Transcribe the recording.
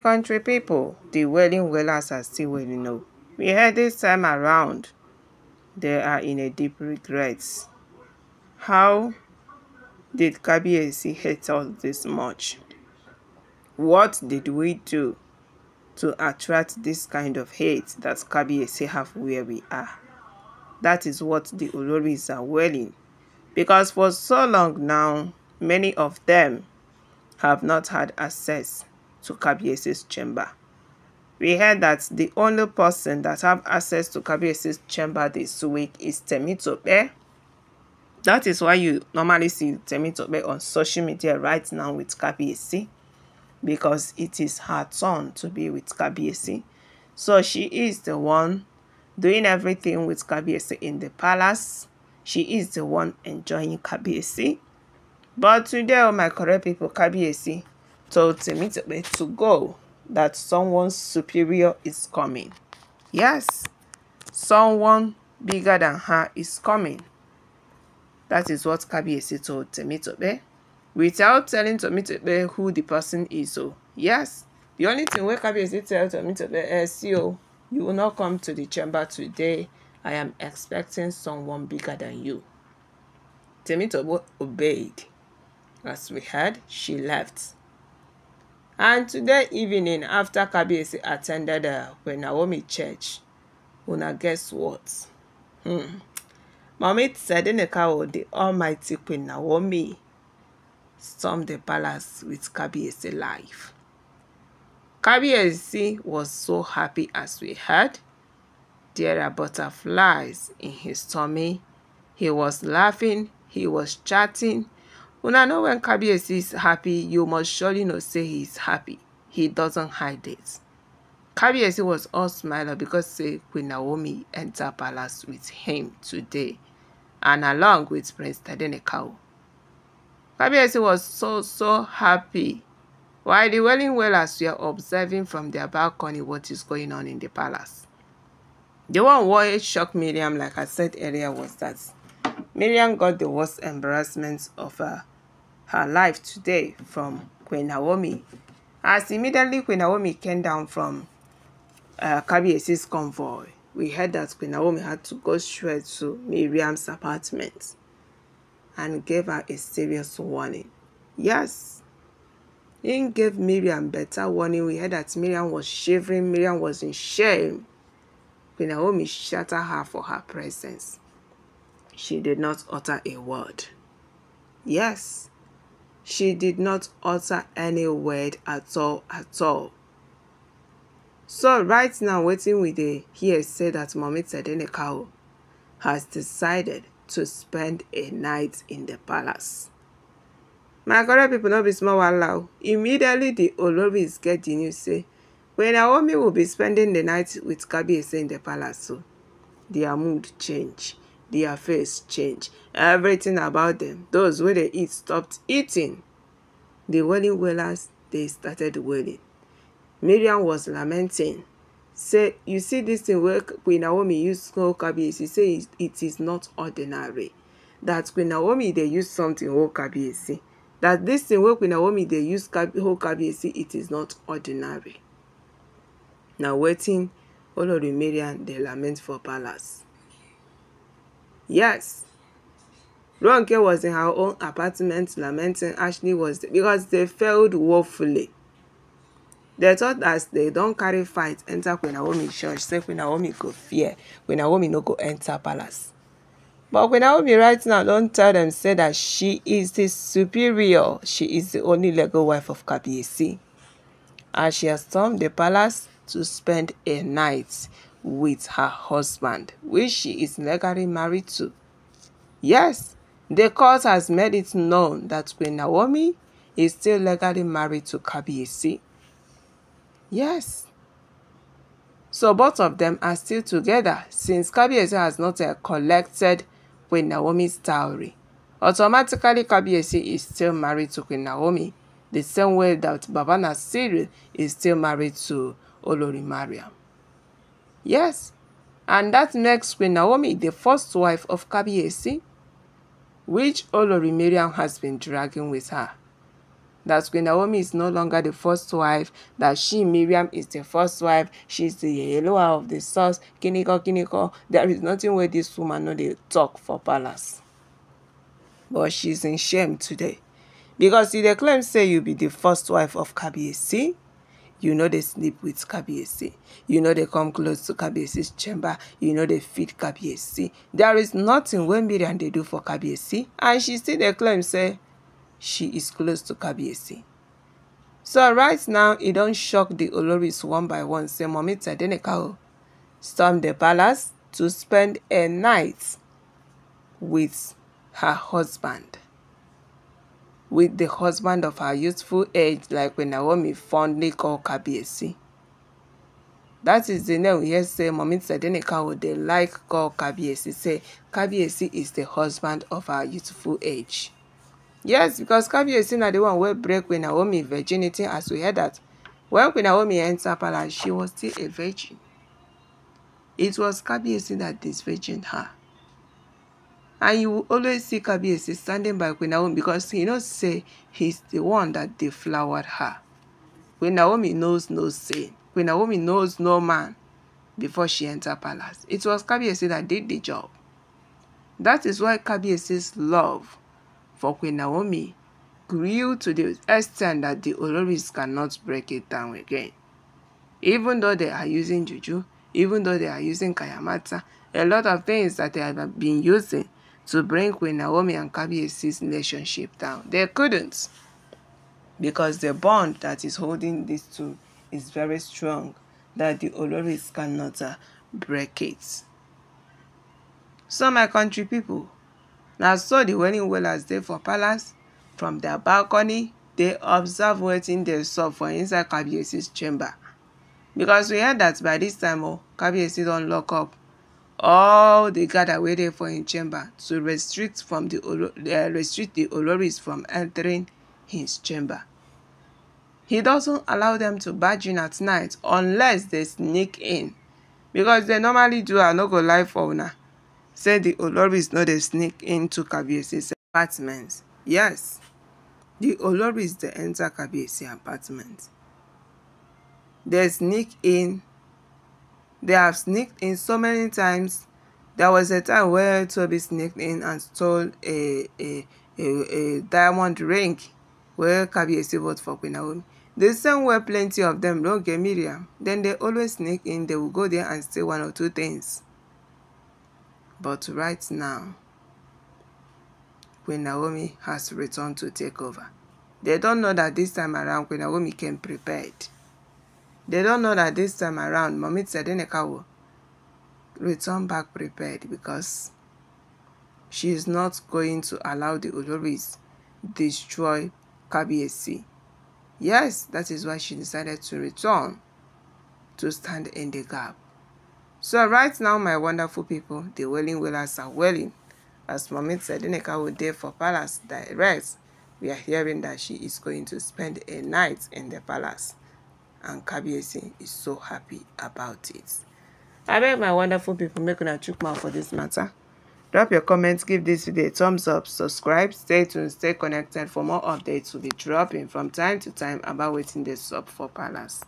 Country people, the wailing wailers are still wailing up. We heard this time around. They are in a deep regret. How did Kabiesi hate us this much? What did we do to attract this kind of hate that Kabiesi have where we are? That is what the ororis are wailing. Because for so long now, many of them have not had access to Kabiesi's chamber. We heard that the only person that have access to Kabiesi's chamber this week is Temitope. That is why you normally see Temitope on social media right now with Kabiesi because it is her turn to be with Kabiesi. So she is the one doing everything with Kabiesi in the palace. She is the one enjoying Kabiesi. But today, oh my correct people, Kabiesi told Timitope to go, that someone superior is coming. Yes, someone bigger than her is coming. That is what Kabiesi told Temitope. Without telling Temitope who the person is, so oh, yes, the only thing where Kabiesi tells Temitope is, eh, yo, oh, you will not come to the chamber today. I am expecting someone bigger than you. Temitope obeyed. As we heard, she left. And today evening, after Kabiyesi attended uh, Queen Naomi Church, una guess what? Hmm. Mommy Tsedenekawo, the almighty Queen Naomi, stormed the palace with Kabiyesi live. Kabiyesi was so happy as we heard. There are butterflies in his tummy. He was laughing, he was chatting, Una know when Kabiyesi is happy, you must surely know say he is happy. He doesn't hide it. Kabiyesi was all smiler because say Queen Naomi entered palace with him today and along with Prince Tadenekau. Kabiyesi was so, so happy. While the Welling Wellers were observing from their balcony what is going on in the palace. The one what shocked Miriam, like I said earlier, was that Miriam got the worst embarrassment of her her life today from Queen Naomi. As immediately Queen Naomi came down from uh, convoy, we heard that Queen Naomi had to go straight to Miriam's apartment and gave her a serious warning. Yes, he gave Miriam better warning. We heard that Miriam was shivering, Miriam was in shame. Queen Naomi shattered her for her presence. She did not utter a word. Yes, She did not utter any word at all at all. So right now wetin we dey hear say that Mummy Tedinikao has decided to spend a night in the palace. My correct people no be small wahala o. Immediately the Oloris get the news say when Naomi will be spending the night with Kabiyesi in the palace So, their mood change their face changed. everything about them those where they eat stopped eating the wailing wailers they started wailing miriam was lamenting say you see this thing wey queen naomi use call kabiyesi say it, it is not ordinary that queen naomi they use something whole kabiyesi that this thing wey queen naomi they use whole kabiyesi it is not ordinary Now waiting, all of the Miriam they lament for palace Yes. Ronke was in her own apartment lamenting Ashley was because they failed woefully. They thought that they don't carry fight enter Queen Naomi church, say Queen Naomi go fear, Queen Naomi no go enter palace. But Queen Naomi right now don't tell them say that she is the superior, she is the only legal wife of Kabiesi. And she has stormed the palace to spend a night with her husband, which she is legally married to. Yes, the court has made it known that Queen Naomi is still legally married to Kabiesi. Yes. So both of them are still together since Kabiesi has not uh, collected Queen Naomi's dowry. Automatically, Kabiesi is still married to Queen Naomi, the same way that Baba Nasiri is still married to Olori Mariam. Yes, and that makes Queen Naomi the first wife of Kabiyesi, which Olori Miriam has been dragging with her. That Queen Naomi is no longer the first wife, that she, Miriam, is the first wife, she's the Yeloa of the source, kiniko kiniko, there is nothing where this woman no dey talk for palace. But she's in shame today, because e dey claim say you be the first wife of Kabiyesi you know they sleep with Kabiyesi. You know they come close to Kabiyesi's chamber. You know they feed Kabiyesi. There is nothing wey Mariam dey do for Kabiyesi and she still dey claim say she is close to Kabiyesi. So right now, e don shock the Oloris one by one say Mummy Tadeneka o storm the palace to spend a night with her husband with the husband of her youthful age, like when Naomi fondly called Kabiesi. That is the name we hear say Mommy Sedenika would they like call Kabiesi. Say Kabiesi is the husband of her youthful age. Yes, because Kabiesi na the one wey break with Naomi virginity as we heard that. When Queen Naomi entered palace, she was still a virgin. It was Kabiesi that disvirgined her. and you will always see Kabiyesi standing by Queen Naomi because he knows say he's the one that deflowered her. Queen Naomi knows no sin. Queen Naomi knows no man before she enter palace. It was Kabiyesi that did the job. That is why Kabiyesi's love for Queen Naomi grew to the extent that the Oloris cannot break it down again. Even though they are using juju, even though they are using kayamata, a lot of things that they have been using to bring Queen Naomi and Kabiesi's relationship down. They couldn't because the bond that is holding these two is very strong that the Oloris cannot uh, break it. So my country people, now so the wedding as they for palace from their balcony they observe waiting their sup for inside Kabiesi's chamber because we heard that by this time oh Kabiesi not lock up all the guards are waiting for his chamber to restrict from the uh, restrict the Oloris from entering his chamber. He doesn't allow them to barge in at night unless they sneak in, because they normally do. a no go life for Say the Oloris know they sneak into Kabiyesi's apartments. Yes, the Oloris they enter Kabiyesi apartment. They sneak in They have sneaked in so many times. There was a time where Toby sneaked in and stole a, a, a, a diamond ring where Kabiyesi voted for Queen Naomi. The same way plenty of them don't get Miriam. Then they always sneak in. They will go there and steal one or two things. But right now, Queen Naomi has returned to take over. They don't know that this time around Queen Naomi came prepared. They don't know that this time around, Mommy Tsedeneka will return back prepared because she is not going to allow the Oloris destroy KBSC. Yes, that is why she decided to return to stand in the gap. So right now, my wonderful people, the welling wellers are welling As Momit Sedeneka will there for Palace Direct, we are hearing that she is going to spend a night in the palace. and Kabiyesi is so happy about it. I beg my wonderful people make una chook mouth for this matter. Drop your comments, give this video a thumbs up, subscribe, stay tuned, stay connected for more updates to be dropping from time to time about wetin the sub for palace.